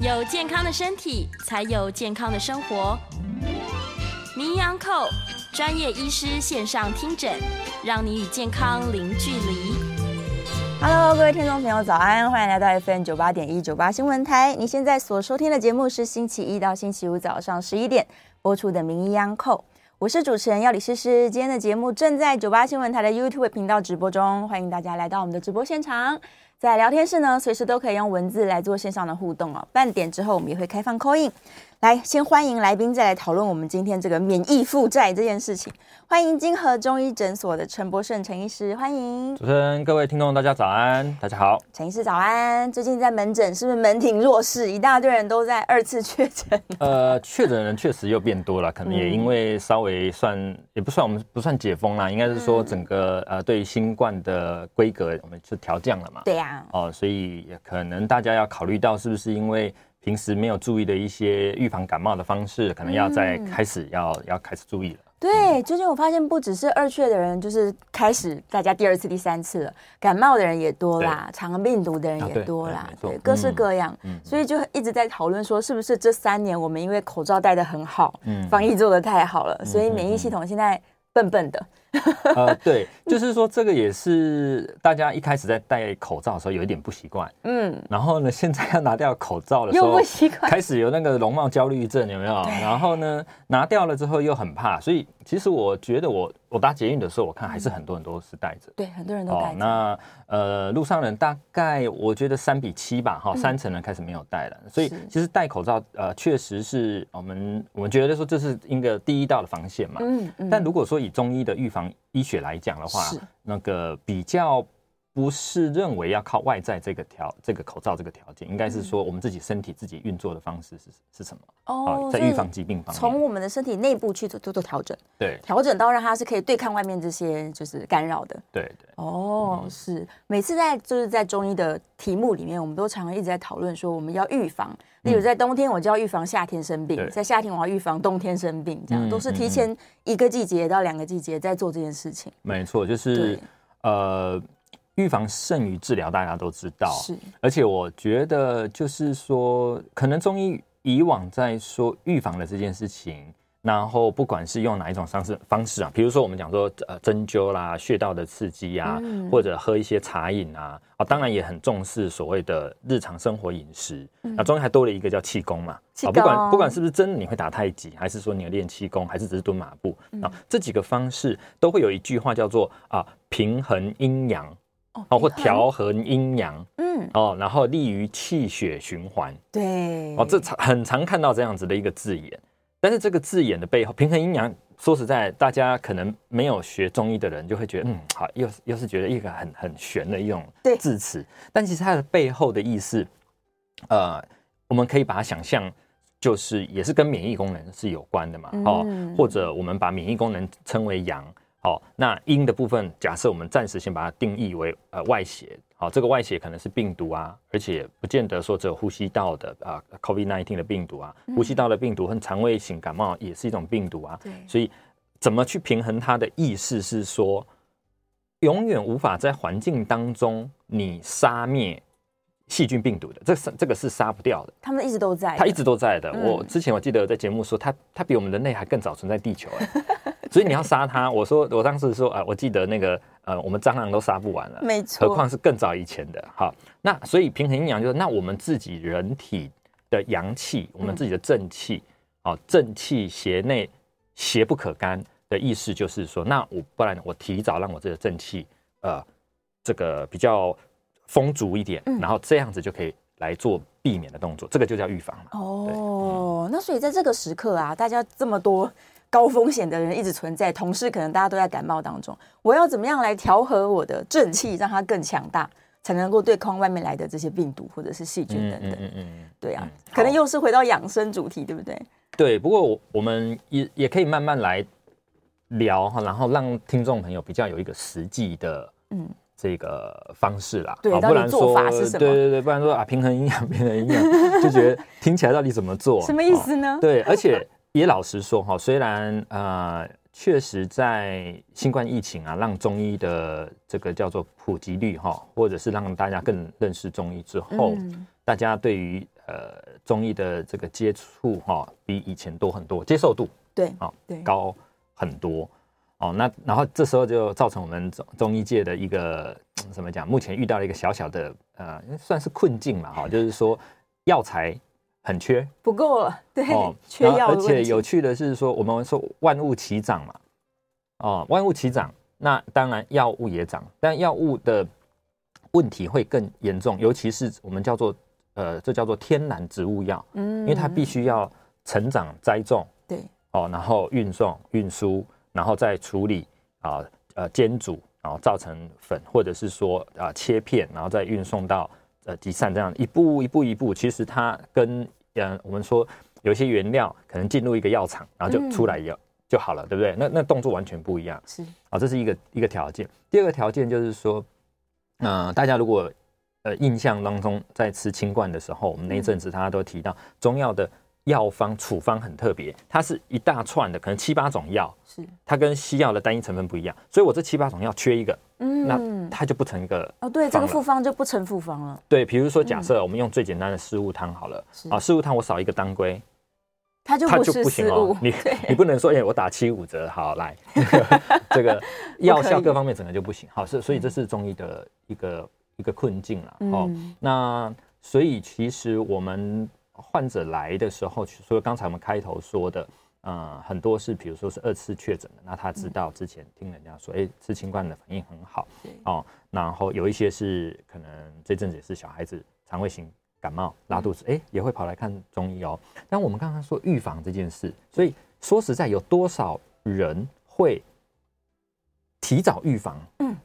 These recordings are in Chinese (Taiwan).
有健康的身體，才有健康的生活。名醫央寇專業醫師線上聽診，讓你與健康零距離。Hello，各位聽眾朋友，早安！歡迎來到 FM 九八點一九八新聞台。你現在所收聽的節目是星期一到星期五早上十一點播出的《名醫央寇》，我是主持人藥理詩詩。今天的節目正在九八新聞台的 YouTube 頻道直播中，歡迎大家來到我們的直播現場。在聊天室呢，隨時都可以用文字來做線上的互動哦。半點之後，我們也會開放 call in 來，先歡迎來賓，再來討論我們今天這個免疫負債這件事情。歡迎京禾中醫診所的陳博聖陳醫師，歡迎主持人、各位聽眾，大家早安，大家好，陳醫師早安。最近在門診是不是門庭若市，一大堆人都在二次確診？呃，確診人確實又變多了， 可能也因為稍微算也不算我們不算解封啦，應該是說整個、嗯、呃對新冠的規格我們是調降了嘛？對呀、啊。哦，所以也可能大家要考慮到是不是因為。平時沒有注意的一些預防感冒的方式，可能要再開始、嗯、要要開始注意了。對，最近我發現不只是二確的人，就是開始大家第二次、第三次了，感冒的人也多啦，腸對病毒的人也多啦，啊、對，對，對，各式各樣，嗯、所以就一直在討論說，是不是這三年我們因為口罩戴得很好，嗯、防疫做得太好了，嗯、所以免疫系統現在。笨笨的，呃，對，就是說這個也是大家一開始在戴口罩的時候有一點不習慣，嗯，然後呢，現在要拿掉口罩的時候，又不習慣，開始有那個容貌焦慮症，有沒有？對然後呢，拿掉了之後又很怕，所以。其實我覺得我，我我搭捷運的時候，我看還是很多很多都是戴着，對，很多人都戴、哦。那呃，路上人大概我覺得三比七吧，哈，三成人開始沒有戴了。嗯、所以其實戴口罩，呃，確實是我們我們覺得說這是一個第一道的防線嘛。嗯嗯、但如果說以中醫的預防醫學來講的話，是那個比較。不是認為要靠外在這個條這個口罩這個條件，應該是說我們自己身體自己運作的方式是是什麼？哦，在預防疾病方面，從、哦、我們的身體內部去做做做調整，對，調整到讓它是可以對抗外面這些就是干擾的。對對。對哦，嗯、是每次在就是在中醫的題目裡面，我們都常常一直在討論說我們要預防。例如在冬天，我就要預防夏天生病，嗯、在夏天，我要預防冬天生病。這樣、嗯、都是提前一個季節到兩個季節在做這件事情。嗯嗯、對沒錯，就是對呃。預防勝於治療，大家都知道。是，而且我覺得就是說，可能中醫以往在說預防的這件事情，然後不管是用哪一種方式方式啊，比如說我們講說呃針灸啦、穴道的刺激啊，嗯、或者喝一些茶飲啊，啊、哦，當然也很重視所謂的日常生活飲食。那、嗯、中醫還多了一個叫氣功嘛，功不管不管是不是真的，你會打太極，還是說你要練氣功，還是只是蹲馬步啊？嗯、這幾個方式都會有一句話叫做啊，平衡陰陽。哦，或調和陰陽，嗯，哦，然後利於氣血循環，對，哦，這常很常看到這樣子的一個字眼，但是這個字眼的背後，平衡陰陽，說實在，大家可能沒有學中醫的人就會覺得，嗯，好，又是又是覺得一個很很玄的一種字詞，對但其實它的背後的意思，呃，我們可以把它想象，就是也是跟免疫功能是有關的嘛，嗯、哦，或者我們把免疫功能稱為陽。好、哦，那陰的部分，假設我們暫時先把它定義為呃外邪，好、哦，這個外邪可能是病毒啊，而且不見得說只有呼吸道的啊、呃、COVID nineteen 的病毒啊，呼吸道的病毒和腸胃型感冒也是一種病毒啊，嗯、所以怎麼去平衡它的意思，是說永遠無法在環境當中你殺滅。細菌病毒的，這是這個是殺不掉的。他們一直都在，他一直都在的。嗯、我之前我記得在節目說它，他他比我們人類還更早存在地球、欸、 對 所以你要殺他，我說我當時說啊、呃，我記得那個呃，我們蟑螂都殺不完了，沒錯錯，何況是更早以前的。好，那所以平衡陰陽就是，那我們自己人體的陽氣，嗯、我們自己的正氣，哦、呃，正氣邪內邪不可干的意思就是說，那我不然我提早讓我自己正氣呃，這個比較。豐足一點，嗯、然後這樣子就可以來做避免的動作，這個就叫預防嘛。哦，嗯、那所以在這個時刻啊，大家這麼多高風險的人一直存在，同事可能大家都在感冒當中，我要怎麼樣來調和我的正氣，嗯、讓它更強大，才能夠對抗外面來的這些病毒或者是細菌等等。嗯，嗯，嗯對啊，嗯，可能又是回到養生主題，對不對？對，不過我我們也也可以慢慢來聊哈，然後讓聽眾朋友比較有一個實際的，嗯。這個方式啦，法是什麼哦、不然說對對對，不然說啊，平衡營養，平衡營養， 就覺得聽起來到底怎麼做？ 什麼意思呢、哦？對，而且也老實說哈、哦，雖然呃，確實在新冠疫情啊，讓中醫的這個叫做普及率哈、哦，或者是讓大家更認識中醫之後，嗯、大家對於呃中醫的這個接觸哈、哦，比以前多很多，接受度對啊，哦、對高很多。哦，那然後這時候就造成我們中中醫界的一個怎麼講？目前遇到了一個小小的呃，算是困境嘛，哈、哦，就是說藥材很缺，不夠了，對，哦、缺藥。而且有趣的是說，我們說萬物齊漲嘛，哦，萬物齊漲，那當然藥物也漲，但藥物的問題會更嚴重，尤其是我們叫做呃，這叫做天然植物藥，嗯，因為它必須要成長、栽種，對，哦，然後運送運輸。然後再處理啊，呃，呃煎煮，然後造成粉，或者是說啊、呃、切片，然後再運送到呃集散，這樣一步一步一步，其實它跟、呃、我們說有些原料可能進入一個藥廠，然後就出來藥就好了，嗯、對不對？那那動作完全不一樣。是啊，這是一個一個條件。第二個條件就是說，嗯、呃，大家如果呃印象當中在吃清冠的時候，我們那一陣子大家都提到、嗯、中藥的。藥方處方很特別，它是一大串的，可能七八種藥，是它跟西藥的單一成分不一樣，所以我這七八種藥缺一個，嗯，那它就不成一個了。哦，對，這個複方就不成複方了。對，比如說假設我們用最簡單的四物湯好了，嗯、啊，四物湯我少一個當歸，它就不行了，哦。對你你不能說，哎、欸，我打七五折，好來、 這個，這個藥效各方面整個就不行。好，是所以這是中醫的一個、嗯、一個困境了。哦，那所以其實我們。患者來的時候，所以剛才我們開頭說的，嗯、呃，很多是，比如說是二次確診的，那他知道之前聽人家說，哎、欸，吃清冠的反應很好，對哦，然後有一些是可能這陣子也是小孩子腸胃型感冒、拉肚子，哎、欸，也會跑來看中醫哦。那我們剛剛說預防這件事，所以說實在有多少人會提早預防？嗯，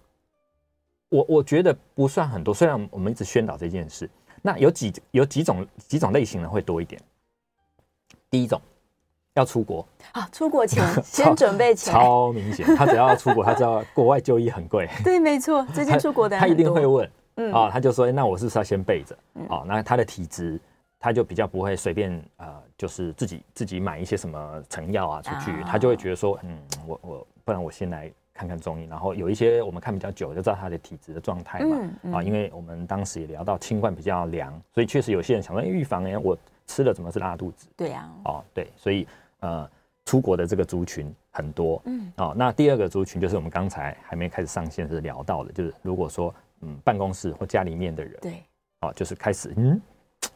我我覺得不算很多，雖然我們一直宣導這件事。那有幾有幾種幾種類型呢，會多一點？第一種要出國，啊，出國前 先準備錢，超明顯。他只要出國， 他知道國外就醫很貴，對，沒錯，最近出國的，他一定會問，嗯、啊，他就說，那我是不是要先備着，嗯、啊，那他的體質，他就比較不會隨便啊、呃，就是自己自己買一些什麼成藥啊出去，啊、他就會覺得說，嗯，我我不然我先來。看看中醫，然後有一些我們看比較久，就知道他的體質的狀態嘛。嗯嗯、啊，因為我們當時也聊到清冠比較涼，所以確實有些人想說預、欸、防哎、欸，我吃了怎麼是拉肚子？對呀、啊。哦，對，所以呃，出國的這個族群很多。嗯。哦，那第二個族群就是我們剛才還沒開始上線是聊到的，就是如果說嗯，辦公室或家裡面的人，對。哦，就是開始嗯，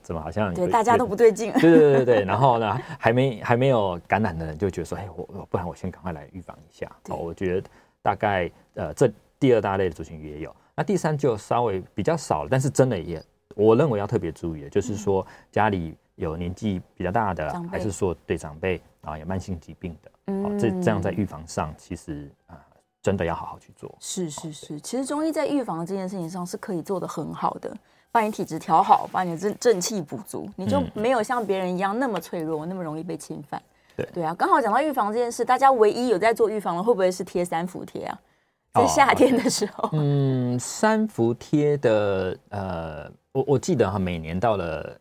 怎麼好像對會大家都不對勁？對，對對對對。 然後呢，還沒還沒有感染的人就覺得說，哎、欸、我不然我先趕快來預防一下。對哦，我覺得。大概呃，這第二大類的族群也有，那第三就稍微比較少了，但是真的也，我認為要特別注意的，就是說家裡有年紀比較大的，輩還是說對長輩啊有、哦、慢性疾病的，哦嗯、這這樣在預防上其實啊、呃、真的要好好去做。是是是，哦、其實中醫在預防這件事情上是可以做得很好的，把你體質調好，把你的正正氣補足，你就沒有像別人一樣那麼脆弱，那麼容易被侵犯。嗯對啊，剛好講到預防這件事，大家唯一有在做預防的，會不會是貼三伏貼啊？在夏天的時候。哦啊、嗯，三伏貼的呃，我我記得哈，每年到了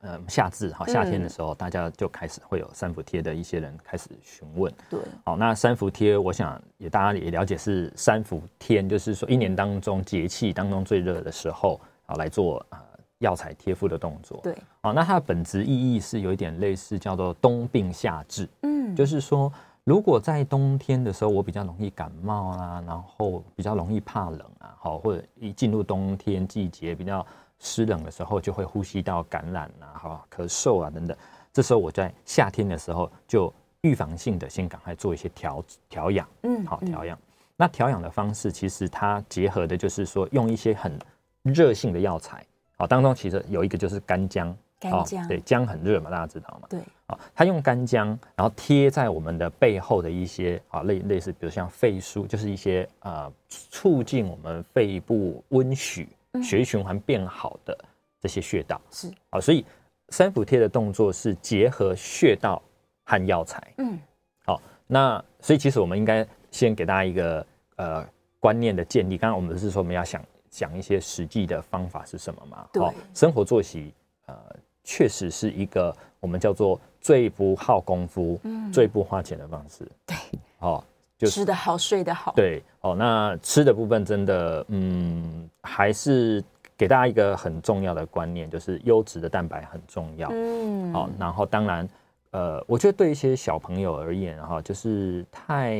呃夏至哈，夏天的時候，嗯、大家就開始會有三伏貼的一些人開始詢問。對，好、哦，那三伏貼，我想也大家也了解是三伏天，就是說一年當中節氣當中最熱的時候啊、哦、來做。呃藥材貼敷的動作，對，哦，那它的本質意義是有一點類似叫做“冬病夏治”，嗯，就是說，如果在冬天的時候我比較容易感冒啊，然後比較容易怕冷啊，好，或者一進入冬天季節比較濕冷的時候，就會呼吸道感染啊，好，咳嗽啊等等，這時候我在夏天的時候就預防性的先趕快做一些調調養，調養嗯，嗯，好調養。那調養的方式其實它結合的就是說用一些很熱性的藥材。啊，當中其實有一個就是乾薑，乾薑、哦、對薑很熱嘛，大家知道嗎？對，啊、哦，他用乾薑，然後貼在我們的背後的一些啊、哦，類類似，比如像肺俞，就是一些啊、呃，促進我們肺部溫煦、嗯、血液循環變好的這些穴道，是啊、哦，所以三伏貼的動作是結合穴道和藥材，嗯，好、哦，那所以其實我們應該先給大家一個呃觀念的建立，剛剛我們是說我們要想。講一些實際的方法是什麼嘛？對，生活作息，確、呃、實是一個我們叫做最不耗功夫、嗯、最不花錢的方式。對，哦，就吃得好，睡得好。對，哦，那吃的部分真的，嗯，嗯還是給大家一個很重要的觀念，就是優質的蛋白很重要。嗯，好、哦，然後當然，呃，我覺得對一些小朋友而言，哈、哦，就是太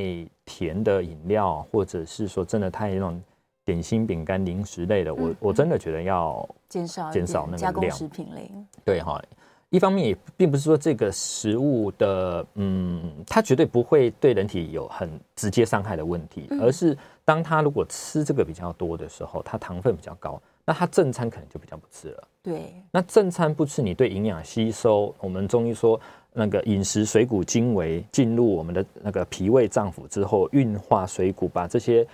甜的飲料，或者是說真的太那種。點心、餅乾、零食類的，我、嗯、我真的覺得要減少減少那個量，加工食品類。對哈，一方面也並不是說這個食物的，嗯，它絕對不會對人體有很直接傷害的問題，嗯、而是當它如果吃這個比較多的時候，它糖分比較高，那它正餐可能就比較不吃了。對，那正餐不吃，你對營養吸收，我們中醫說那個飲食水谷精微進入我們的那個脾胃臟腑之後，運化水谷，把這些。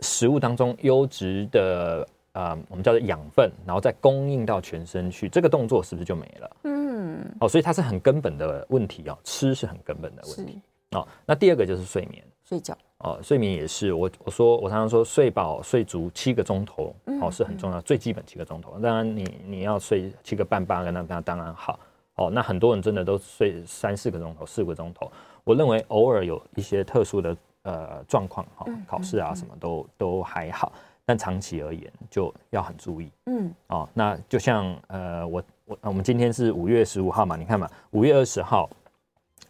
食物當中優質的啊、呃，我們叫做養分，然後再供應到全身去，這個動作是不是就沒了？嗯，哦，所以它是很根本的問題哦。吃是很根本的問題。是哦，那第二個就是睡眠，睡覺。哦，睡眠也是我我說我常常說睡飽睡足七個鐘頭，哦是很重要，最基本七個鐘頭。嗯、當然你你要睡七個半八個，那當然當然好。哦，那很多人真的都睡三四個鐘頭，四個鐘頭。我認為偶爾有一些特殊的。呃，狀況哈，考試啊，什麼都、嗯嗯嗯、都還好，但長期而言就要很注意。嗯，哦，那就像呃，我我我們今天是五月十五號嘛，你看嘛，五月二十號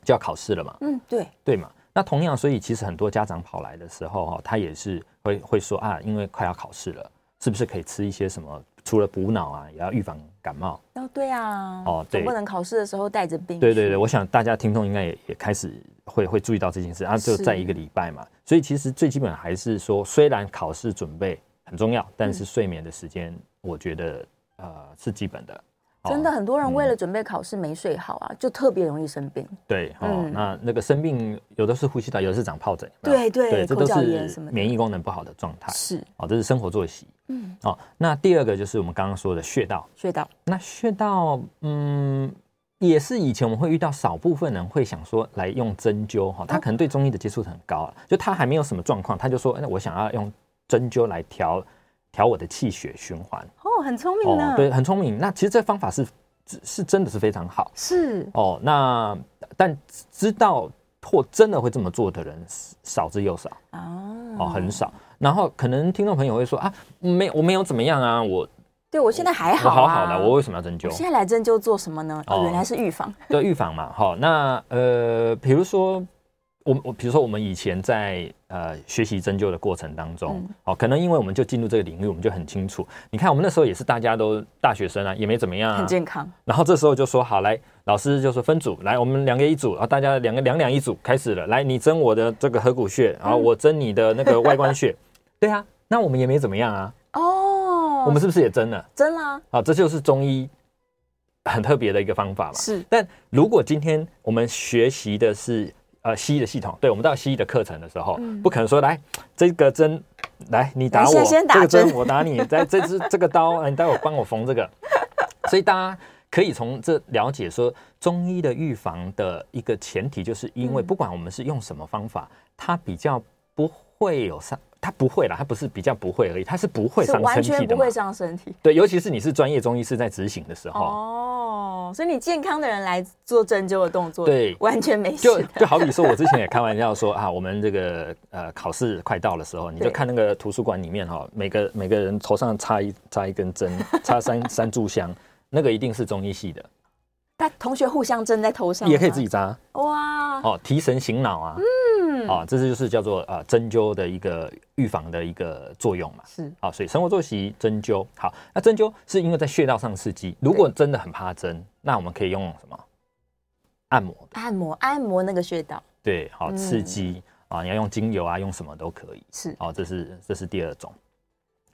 就要考試了嘛。嗯，對，對嘛。那同樣，所以其實很多家長跑來的時候哈，他也是會會說啊，因為快要考試了，是不是可以吃一些什麼？除了補腦啊，也要預防感冒。哦，對啊，哦，對，總不能考試的時候帶着病。對對對，我想大家聽眾應該也也開始。會會注意到這件事啊，就在一個禮拜嘛，所以其實最基本還是說，雖然考試準備很重要，但是睡眠的時間，我覺得呃是基本的。真的，很多人為了準備考試沒睡好啊，就特別容易生病。對，哦，那那個生病有的是呼吸道，有的是長疱疹，對對，這都是免疫功能不好的狀態。是，哦，這是生活作息。嗯，哦，那第二個就是我們剛剛說的穴道，穴道。那穴道，嗯。也是以前我們會遇到少部分人會想說來用針灸哈、哦，他可能對中醫的接觸很高，哦、就他還沒有什麼狀況，他就說那、欸、我想要用針灸來調調我的氣血循環哦，很聰明、啊、哦，對，很聰明。那其實這方法是是、是真的是非常好，是哦。那但知道或真的會這麼做的人少之又少哦，很少。哦、然後可能聽眾朋友會說啊，沒我沒有怎麼樣啊，我。對我現在還好我，啊哦，好好的，我為什麼要針灸？現在來針灸做什麼呢？哦，原來是預防對，預防嘛，哈，哦。那呃，比如說我我比如說我們以前在呃學習針灸的過程當中，嗯，哦，可能因為我們就進入這個領域，我們就很清楚。你看我們那時候也是大家都大學生啊，也沒怎麼樣，啊，很健康。然後這時候就說好來，老師就說分組來，我們兩個一組，然後大家兩個兩兩一組開始了。來，你針我的這個合谷穴，然後我針你的那個外關穴。嗯， 對啊，那我們也沒怎麼樣啊。我們是不是也針了？真了啊，啊，這就是中醫很特別的一個方法了。是，但如果今天我們學習的是呃西醫的系統，對我們到西醫的課程的時候，嗯、不可能說來這個針，來你打我打這個針，我打你，在這是這個刀， 你待會幫我縫這個。所以大家可以從這了解說，中醫的預防的一個前提，就是因為不管我們是用什麼方法，嗯、它比較不會有傷。他不會啦，他不是比較不會而已，他是不會傷身體的。是完全不會傷身體。對，尤其是你是專業中醫師在執行的時候。哦，所以你健康的人來做針灸的動作，對，完全沒事。就就好比說，我之前也開玩笑說 啊，我們這個呃考試快到的時候，對你就看那個圖書館裡面哈，每個每個人頭上插一插一根針，插三三炷香， 那個一定是中醫系的。那同學互相針在頭上，也可以自己扎。哇哦，提神醒腦啊。嗯哦，這是就是叫做呃針灸的一個預防的一個作用嘛。是，好，所以生活作息、針灸。好，那針灸是因為在穴道上刺激，如果真的很怕針，那我們可以用什麼？按摩，按摩，按摩那個穴道。對，好，刺激啊，你要用精油啊，用什麼都可以。是哦，這是這是第二種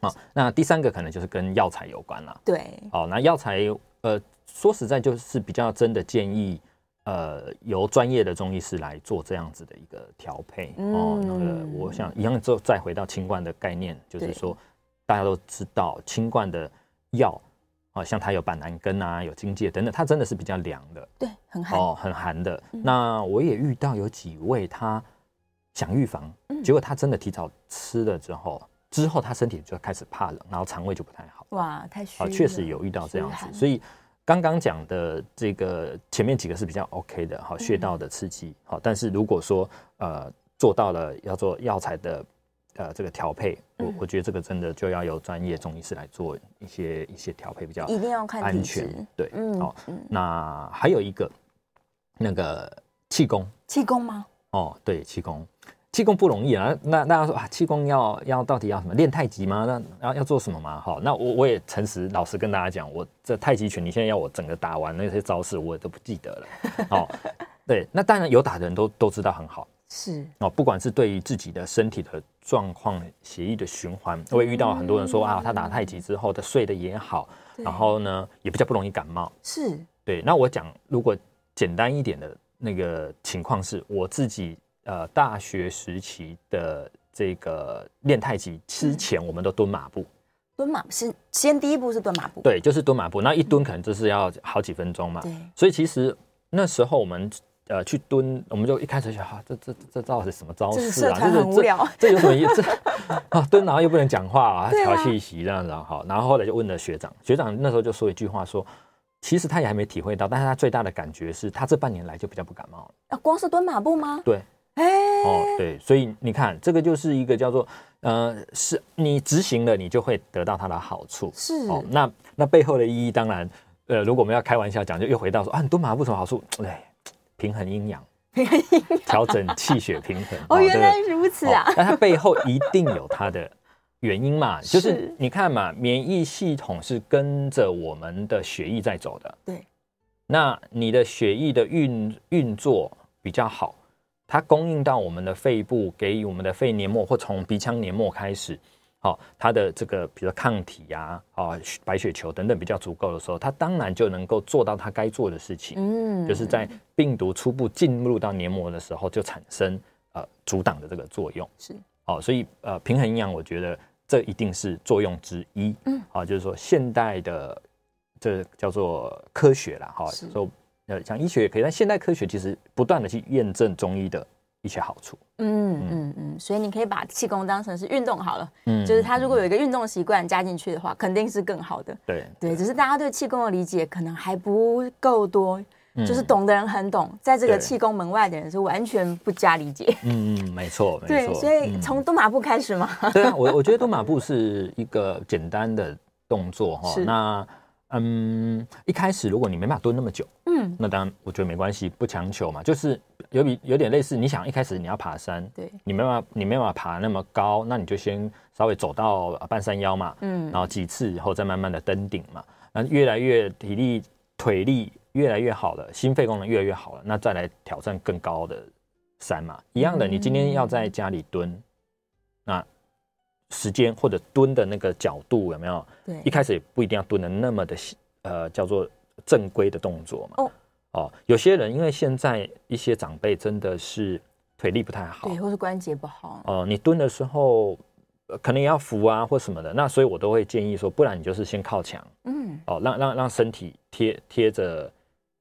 哦，那第三個可能就是跟藥材有關了。對哦，那藥材。呃，說實在就是比較真的建議，呃，由專業的中醫師來做這樣子的一個調配、嗯、哦。那個，我想一樣，就再回到清冠的概念，對就是說大家都知道清冠的藥啊、哦，像它有板藍根啊，有荊芥等等，它真的是比較涼的，對，很寒哦，很寒的。那我也遇到有幾位，他想預防，嗯、結果他真的提早吃了之後。之後他身體就開始怕冷，然後腸胃就不太好。哇，太虛。確實有遇到這樣子。虛寒。所以剛剛講的這個前面幾個是比較 OK 的，好，穴道的刺激，好、嗯嗯。但是如果說呃做到了要做藥材的呃這個調配，我我覺得這個真的就要由專業中醫師來做一些一些調配比較安全，一定要看體質對，嗯，嗯，好。那還有一個那個氣功，氣功嗎？哦，對，氣功。氣功不容易啊！那那大家說啊，氣功要要到底要什麼？練太極嗎？那要、啊、要做什麼嗎？哈、哦！那我我也誠實老實跟大家講，我這太極拳，你現在要我整個打完那些招式，我也都不記得了。哦， 對，那當然有打的人都都知道很好，是 哦，不管是對於自己的身體的狀況、血液的循環，是會遇到很多人說、嗯、啊，他打太極之後，他睡得也好，對然後呢，也比較不容易感冒。是，對。那我講，如果簡單一點的那個情況是，我自己。呃，大學時期的這個練太極之前，我們都蹲馬步。嗯、蹲馬步先，先第一步是蹲馬步。對，就是蹲馬步。那一蹲可能就是要好幾分鐘嘛。嗯、所以其實那時候我們呃去蹲，我們就一開始想，哈、啊，這這這到底是什麼招式啊？這是無聊，這是這。這有什麼意思？ 啊蹲然後又不能講話啊，調氣息這樣子好。啊、然後後來就問了學長，學長那時候就說一句話說，說其實他也還沒體會到，但是他最大的感覺是他這半年來就比較不感冒了。啊，光是蹲馬步嗎？對。哎、欸、哦，對，所以你看，這個就是一個叫做，呃，是你執行了，你就會得到它的好處。是哦，那那背後的意義，當然，呃，如果我們要開玩笑講，就又回到說啊，你蹲馬步什麼好處？對，平衡陰陽，平衡陰陽，調整氣血平衡。 這個、哦，原來如此啊、哦！那它背後一定有它的原因嘛？ 就是你看嘛，免疫系統是跟着我們的血液在走的。對，那你的血液的運運作比較好。它供應到我們的肺部，給予我們的肺黏膜或從鼻腔黏膜開始，好、哦，它的這個比如說抗體呀、啊、啊、哦、白血球等等比較足夠的時候，它當然就能夠做到它該做的事情，嗯，就是在病毒初步進入到黏膜的時候就產生呃阻擋的這個作用，是，哦，所以呃，平衡營養，我覺得這一定是作用之一，嗯，啊、哦，就是說現代的，這個、叫做科學啦哈，哦、是說呃，像醫學也可以，但現代科學其實不斷的去驗證中醫的。一些好處，嗯嗯嗯，所以你可以把氣功當成是運動好了，嗯，就是他如果有一個運動習慣加進去的話，肯定是更好的，對對，只是大家對氣功的理解可能還不夠多，就是懂的人很懂，在這個氣功門外的人是完全不加理解，嗯嗯，沒錯，沒錯，所以從蹲馬步開始嘛，對啊，我我覺得蹲馬步是一個簡單的動作哈，那。嗯，一開始如果你沒辦法蹲那麼久，嗯，那當然我覺得沒關係，不強求嘛。就是有比有點類似，你想一開始你要爬山，對，你沒辦法你沒辦法爬那麼高，那你就先稍微走到半山腰嘛，嗯，然後幾次以後再慢慢的登頂嘛。那越來越體力腿力越來越好了，心肺功能越來越好了，那再來挑戰更高的山嘛。一樣的，你今天要在家裡蹲。嗯嗯時間或者蹲的那個角度有沒有？對，一開始也不一定要蹲的那麼的，呃，叫做正規的動作嘛。哦哦，有些人因為現在一些長輩真的是腿力不太好，對，或是關節不好。哦，你蹲的時候，呃，可能也要扶啊或什麼的，那所以我都會建議說，不然你就是先靠牆，嗯，哦，讓讓讓身體貼貼着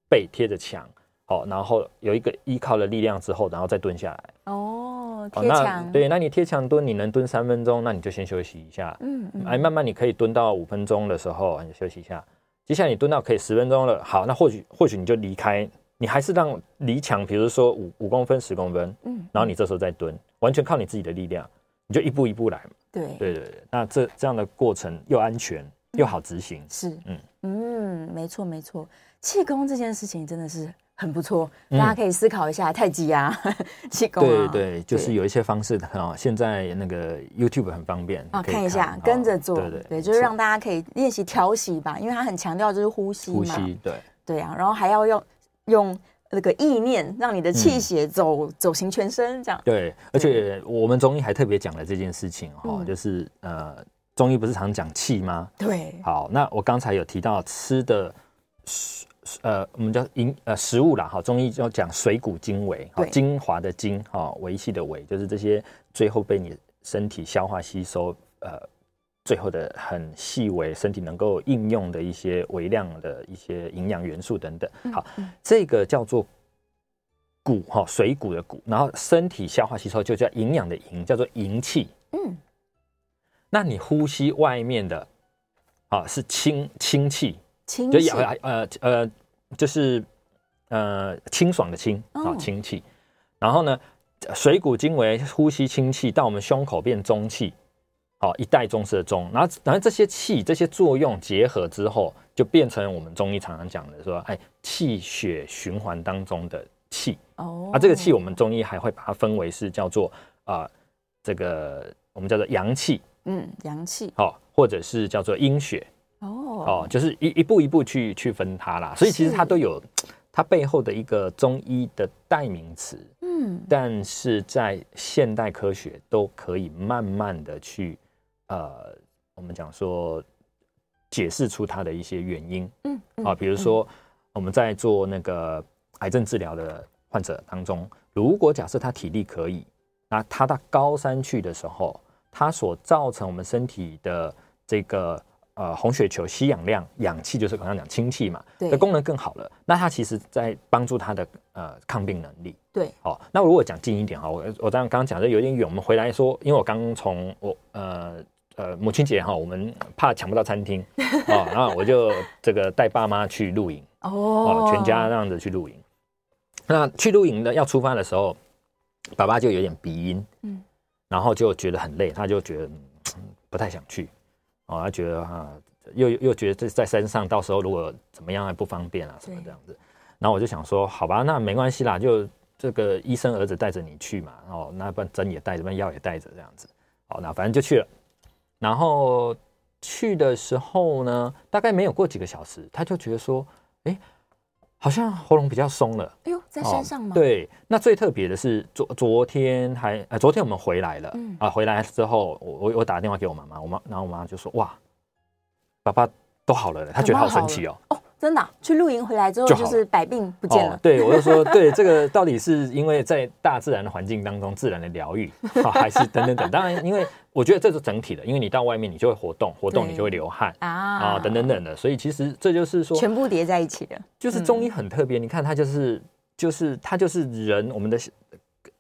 背貼着牆，哦，然後有一個依靠的力量之後，然後再蹲下來。哦。哦，哦，那，對，那你貼牆蹲，你能蹲三分鐘，那你就先休息一下。嗯嗯，哎、嗯，慢慢你可以蹲到五分鐘的時候，你休息一下。接下來你蹲到可以十分鐘了，好，那或許或許你就離開，你還是讓離牆，比如說五五公分、十公分，嗯，然後你這時候再蹲，完全靠你自己的力量，你就一步一步來。對對對對，那這這樣的過程又安全又好執行，嗯。是，嗯嗯，沒錯沒錯，氣功這件事情真的是。很不錯，大家可以思考一下太極啊、氣功啊。對對，就是有一些方式的。現在那個 YouTube 很方便啊，看一下，跟着做。對，就是讓大家可以練習調息吧，因為它很強調就是呼吸嘛。呼吸，對對啊。然後還要用用那個意念，讓你的氣血走走行全身，這樣。對，而且我們中醫還特別講了這件事情哈，就是呃，中醫不是常講氣嗎？對。好，那我剛才有提到吃的。呃，我們叫營呃食物啦，哈，中醫就講水谷精微，對，精華的精，哈，微細的微，就是這些最後被你身體消化吸收，呃，最後的很細微，身體能夠應用的一些微量的一些營養元素等等，好，嗯嗯、這個叫做谷哈水谷的谷，然後身體消化吸收就叫營養的營，叫做營氣，嗯，那你呼吸外面的啊是清清氣。清就也呃呃，就是呃清爽的清啊、哦、清氣，然後呢，水谷精微，呼吸清氣到我們胸口變中氣，好、哦、一代宗師的宗，然後然後這些氣這些作用結合之後，就變成我們中醫常常講的說，哎氣血循環當中的氣哦，啊這個氣我們中醫還會把它分為是叫做啊、呃、這個我們叫做陽氣嗯陽氣好、哦，或者是叫做陰血。哦、oh. 哦，就是一一步一步去去分它啦，所以其實它都有是它背後的一個中醫的代名詞，嗯，但是在現代科學都可以慢慢的去，呃，我們講說解釋出它的一些原因，嗯，嗯啊，比如說我們在做那個癌症治療的患者當中，嗯、如果假設他體力可以，那他到高山去的時候，他所造成我們身體的這個。呃，紅血球吸氧量，氧氣就是好像講氫氣嘛，對，的功能更好了。那它其實在幫助他的呃抗病能力。對，好、哦，那我如果講近一點我我剛剛剛講的有點遠，我們回來說，因為我剛從我呃呃母親節哈、哦，我們怕搶不到餐廳、 哦、然那我就這個帶爸媽去露營、oh. 哦，全家這樣子去露營。那去露營呢，要出發的時候，爸爸就有點鼻音，然後就覺得很累，他就覺得、嗯、不太想去。後，哦，他覺得哈，啊，又又覺得這在在山上，到時候如果怎麼樣還不方便啊，什麼這樣子。對然後我就想說，好吧，那沒關係啦，就這個醫生兒子帶着你去嘛。哦，那把針也帶着，把藥也帶着這樣子。好，那反正就去了。然後去的時候呢，大概沒有過幾個小時，他就覺得說，哎，好像喉嚨比較鬆了。哎呦。在山上嗎、哦？對，那最特別的是昨昨天還呃，昨天我們回來了、嗯、啊，回來之後我我我打電話給我媽媽，我媽然後我媽就說哇，爸爸都好了，了，她覺得好神奇哦。好好哦，真的、啊？去露營回來之後就是百病不見了。了哦、對，我就說對，這個到底是因為在大自然的環境當中自然的療癒、哦，還是等等等？當然，因為我覺得這是整體的，因為你到外面你就會活動，活動你就會流汗啊啊、呃、等等等的，所以其實這就是說全部疊在一起的。就是中醫很特別，嗯、你看它就是。就是它就是人我們的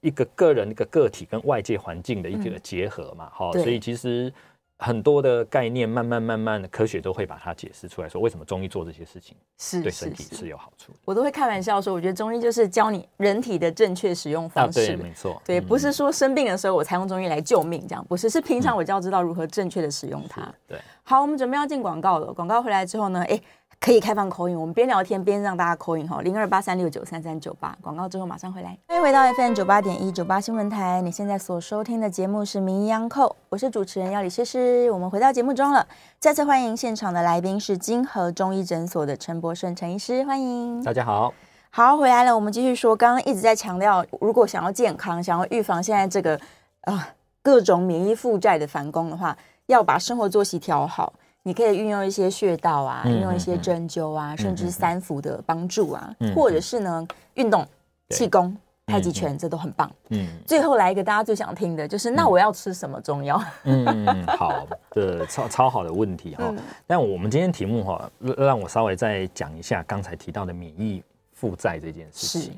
一個個人一個個體跟外界環境的一個的結合嘛、嗯，好，所以其實很多的概念慢慢慢慢的科學都會把它解釋出來，說為什麼中醫做這些事情是對身體是、是、是、是有好處的。我都會開玩笑說，我覺得中醫就是教你人體的正確使用方式、嗯啊對，沒錯，對，不是說生病的時候我才用中醫來救命，這樣不是，是平常我就要知道如何正確的使用它。嗯、對，好，我們準備要進廣告了，廣告回來之後呢，哎、欸。可以開放 call in，我們邊聊天邊讓大家 call in 哈，零二八三六九三三九八，廣告之後馬上回來。歡迎回到 FM 九八點一九八新聞台，你現在所收聽的節目是《名醫央叩》，我是主持人藥理詩詩。我們回到節目中了，再次歡迎現場的來賓是京禾中醫診所的陳博聖陳醫師，歡迎。大家好，好回來了，我們繼續說，剛剛一直在強調，如果想要健康，想要預防現在這個啊、呃、各種免疫負債的反攻的話，要把生活作息調好。你可以運用一些穴道啊，運用一些針灸啊，甚至三伏的幫助啊，或者是呢運動、氣功、太極拳，這都很棒。嗯，最後來一個大家最想聽的，就是那我要吃什麼中藥？嗯，好的，超超好的問題哈。但我們今天題目哈，讓我稍微再講一下剛才提到的免疫負債這件事情。是。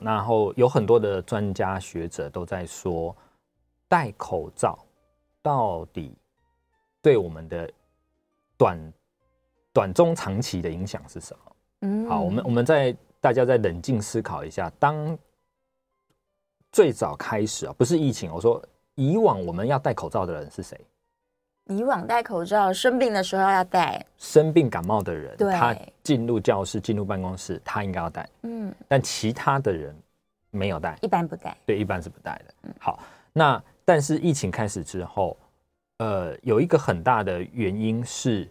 然後有很多的專家學者都在說，戴口罩到底對我們的。短短中長期的影響是什麼？嗯，好，我們我們在大家再冷靜思考一下。當最早開始啊，不是疫情，我說以往我們要戴口罩的人是誰？以往戴口罩生病的時候要戴，生病感冒的人，對他進入教室、進入辦公室，他應該要戴，嗯。但其他的人沒有戴，一般不戴，對，一般是不戴的。嗯，好，那但是疫情開始之後。呃，有一個很大的原因是，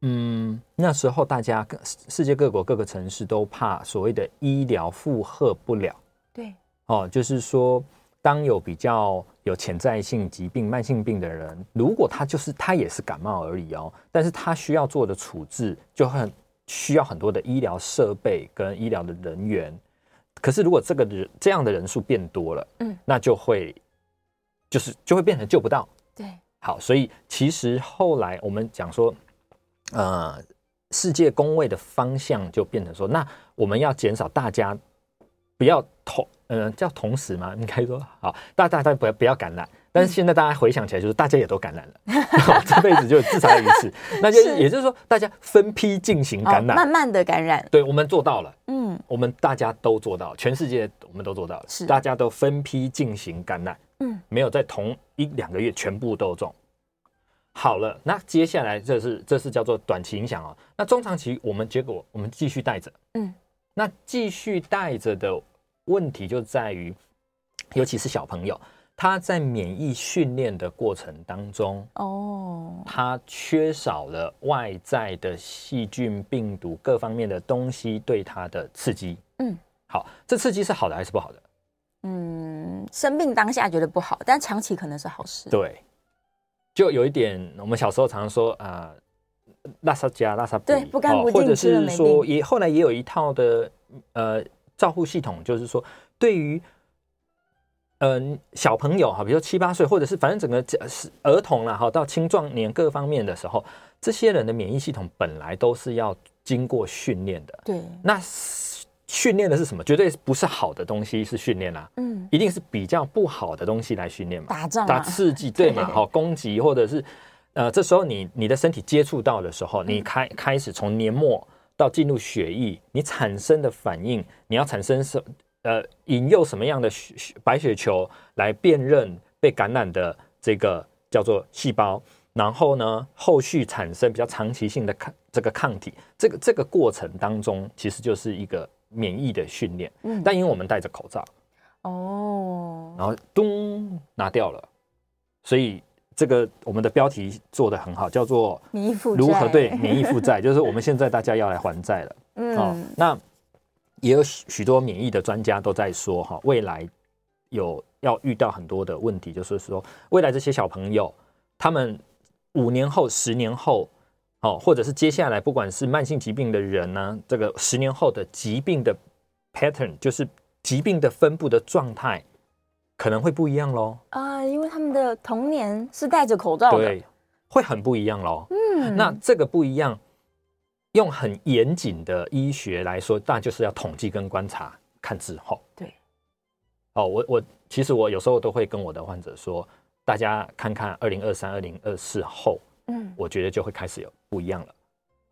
嗯，那時候大家世界各國各個城市都怕所謂的醫療負荷不了。對，哦，就是說，當有比較有潛在性疾病、慢性病的人，如果他就是他也是感冒而已哦，但是他需要做的處置就很需要很多的醫療設備跟醫療的人員。可是如果這個人這樣的人數變多了，嗯，那就會就是就會變成救不到。對，好，所以其實後來我們講說，呃，世界公衛的方向就變成說，那我們要減少大家不要同，呃，叫同時嗎？應該說，好，大家，大家不要不要感染。但是現在大家回想起來，就是大家也都感染了，嗯哦、這輩子就至少有一次。 那就是也就是說，大家分批進行感染，哦，慢慢的感染，對，我們做到了，嗯，我們大家都做到，全世界我們都做到了，是，大家都分批進行感染。嗯，沒有在同一兩個月全部都中，好了，那接下來這是這是叫做短期影響哦，那中長期我們結果我們繼續戴著，嗯，那繼續戴著的問題就在於，尤其是小朋友他在免疫訓練的過程當中，哦，他缺少了外在的細菌、病毒各方面的東西對他的刺激，嗯，好，這刺激是好的還是不好的？嗯，生病當下覺得不好，但長期可能是好事。對，就有一點，我們小時候常常說啊，垃圾吃、垃圾大對，不乾不淨、呃、或者是說，也後來也有一套的呃照護系統，就是說，對於呃小朋友哈，比如說七八歲，或者是反正整個是兒童了哈，到青壯年各方面的時候，這些人的免疫系統本來都是要經過訓練的。對，那。訓練的是什麼？絕對不是好的東西，是訓練啦、啊。嗯，一定是比較不好的東西來訓練嘛，打仗、啊、打刺激，對嘛，好對、哦，攻擊或者是呃，這時候你你的身體接觸到的時候，你開開始從黏膜到進入血液，你產生的反應，你要產生什呃引誘什麼樣的白血球來辨認被感染的這個叫做細胞，然後呢，後續產生比較長期性的抗這個抗體，這個這個過程當中，其實就是一個。免疫的訓練，嗯、但因為我們戴着口罩，哦，然後咚拿掉了，所以這個我們的標題做得很好，叫做“如何對免疫負債”， 就是我們現在大家要來還債了。哦，嗯、那也有許許多免疫的專家都在說，哈、哦，未來有要遇到很多的問題，就是說未來這些小朋友，他們五年後、十年後。哦，或者是接下來，不管是慢性疾病的人呢、啊，這個十年後的疾病的 pattern，就是疾病的分佈的狀態，可能會不一樣嘍。啊、呃，因為他們的童年是戴着口罩的。對，會很不一樣嘍。嗯，那這個不一樣，用很嚴謹的醫學來說，那就是要統計跟觀察，看之後。對。哦，我我其實我有時候都會跟我的患者說，大家看看二零二三、二零二四後。嗯，我覺得就會開始有不一樣了。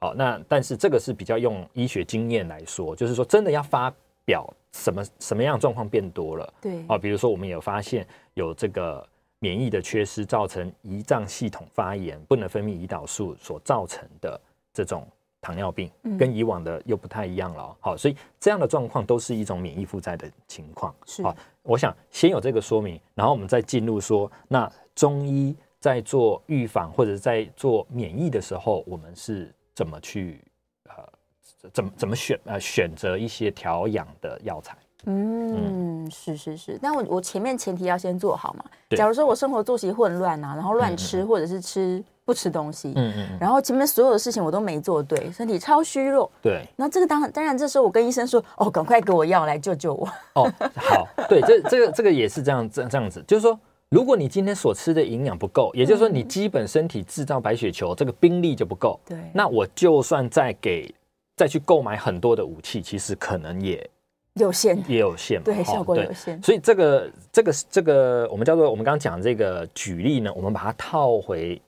好，那但是這個是比較用醫學經驗來說，就是說真的要發表什麼什麼樣狀況變多了。對哦，比如說我們有發現有這個免疫的缺失，造成胰臟系統發炎，不能分泌胰島素所造成的這種糖尿病，嗯、跟以往的又不太一樣了。好，所以這樣的狀況都是一種免疫負債的情況。好，是我想先有這個說明，然後我們再進入說那中醫。在做預防或者在做免疫的時候，我們是怎麼去呃怎怎怎麼選呃選擇一些調養的藥材？嗯，嗯是是是，但我我前面前提要先做好嘛。對假如說我生活作息混亂啊，然後亂吃或者是吃嗯嗯不吃東西，嗯，嗯嗯，然後前面所有的事情我都沒做對，身體超虛弱。對，那這個當然當然這時候我跟醫生說，哦，趕快給我藥來救救我。哦，好， 對，這這個這個也是這樣這這樣子，就是說。如果你今天所吃的營養不夠，也就是說你基本身體製造白血球，嗯、這個兵力就不夠，對，那我就算再給，再去購買很多的武器，其實可能也有限，也有限嘛，對，齁效果有限。所以這個這個這個我們叫做我們剛剛講這個舉例呢，我們把它套回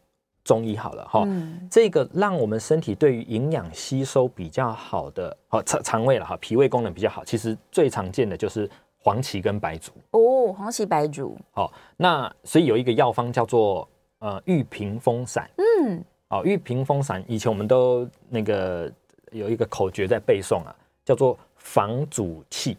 中醫好了哈。嗯、這個讓我們身體對於營養吸收比較好的，哦，腸腸胃了哈，脾胃功能比較好，其實最常見的就是。黃芪跟白朮哦，黃芪白朮好、哦，那所以有一個藥方叫做呃玉屏風散，嗯，哦玉屏風散以前我們都那個有一個口訣在背誦啊，叫做防朮芪，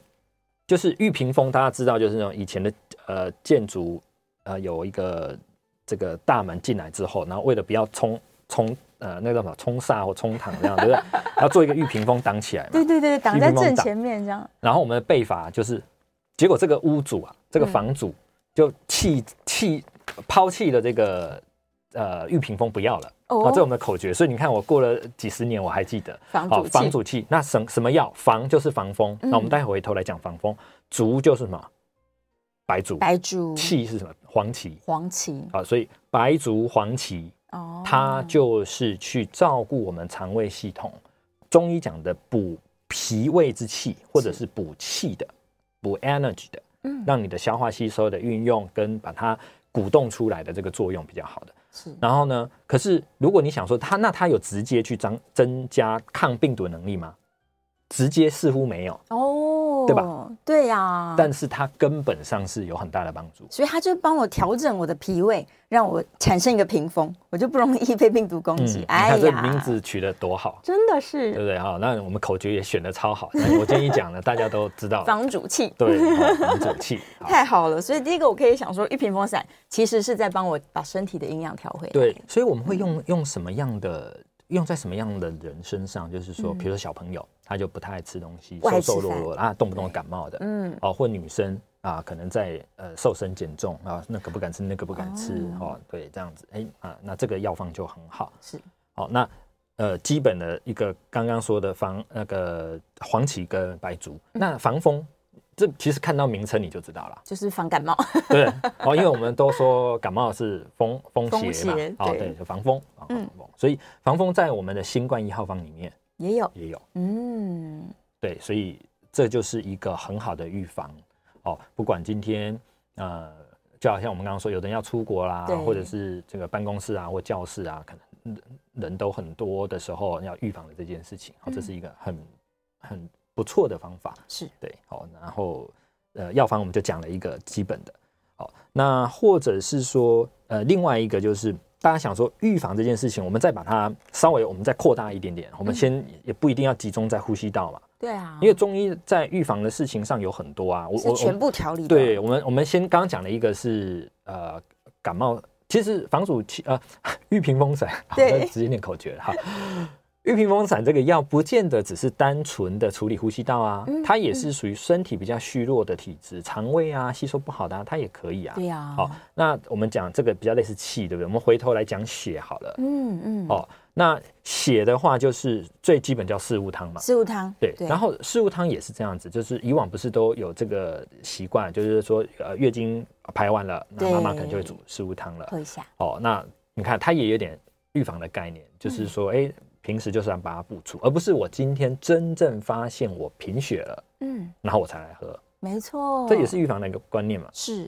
就是玉屏風，大家知道就是那種以前的呃建築呃有一個這個大門進來之後，然後為了不要沖沖呃那個什麼沖煞或沖堂這樣對不對？ 要做一個玉屏風擋起來嘛，對對對，擋在正前面這樣，然後我們的背法就是。結果這個屋主啊，嗯、這個房主就棄棄、嗯、拋棄了這個呃玉屏風不要了哦，啊、這是我們的口訣。所以你看，我過了幾十年我還記得。房主棄、哦，那什什麼藥？房就是防風。那、嗯、我們待會回頭來講防風。朮就是什麼？白朮，白朮竹。氣是什麼？黃芪，黃芪旗。啊，所以白朮黃芪，哦、它就是去照顧我們腸胃系統。中醫講的補脾胃之氣，或者是補氣的。補 energy 的，嗯，讓你的消化、吸收的運用跟把它鼓動出來的這個作用比較好的。是，然後呢？可是如果你想說它，那它有直接去增增加抗病毒的能力嗎？直接似乎沒有哦。對吧？對呀，但是它根本上是有很大的幫助，所以它就幫我調整我的脾胃，讓我產生一個屏風，我就不容易被病毒攻擊。哎呀，這名字取得多好，真的是對不對？哈，那我們口訣也選得超好。我建議講了，大家都知道防朮芪，對，防朮芪太好了。所以第一個，我可以想說，玉屏風散其實是在幫我把身體的營養調回來。對，所以我們會用用什麼樣的，用在什麼樣的人身上？就是說，比如說小朋友。他就不太愛吃東西，瘦瘦弱弱啊，動不動感冒的，嗯，哦，或女生啊，可能在呃瘦身減重啊，那個不敢吃，那個不敢吃，哦，哦，對，這樣子，哎、欸，啊，那這個藥方就很好，是，好、哦，那呃，基本的一個剛剛說的防那個黃芪跟白朮，那防風，嗯、這其實看到名稱你就知道了，就是防感冒，對，哦，因為我們都說感冒是風風邪嘛，邪哦，對，就防風，防防風嗯，所以防風在我們的新冠一號方裡面。也有，也有，嗯，對，所以這就是一個很好的預防哦。不管今天，呃，就好像我們剛剛說，有的人要出國啦，對或者是這個辦公室啊，或教室啊，可能人都很多的時候，要預防的這件事情，哦，這是一個很、嗯、很不錯的方法，是對。哦，然後呃，藥方我們就講了一個基本的，哦，那或者是說，呃，另外一個就是。大家想說預防這件事情，我們再把它稍微，我們再擴大一點點，我們先也不一定要集中在呼吸道嘛。對啊，因為中醫在預防的事情上有很多啊。我我全部調理。對我們，我們先剛剛講了一個是呃感冒，其實房主呃玉屏風散，對，直接念口訣哈。玉屏風散這個藥不見得只是單純的處理呼吸道啊，嗯、它也是屬於身體比較虛弱的體質，嗯、腸胃啊吸收不好的，啊，它也可以啊。對啊，好，哦，那我們講這個比較類似氣，對不對？我們回頭來講血好了。嗯嗯。嗯哦，那血的話就是最基本叫四物湯嘛。四物湯。對。對，然後四物湯也是這樣子，就是以往不是都有這個習慣，就是說呃月經排完了，對那媽媽可能就會煮四物湯了。喝一下。哦，那你看它也有點預防的概念，就是說哎。嗯誒平時就是把它補足，而不是我今天真正發現我貧血了，嗯，然後我才來喝。沒錯，這也是預防的一個觀念嘛。是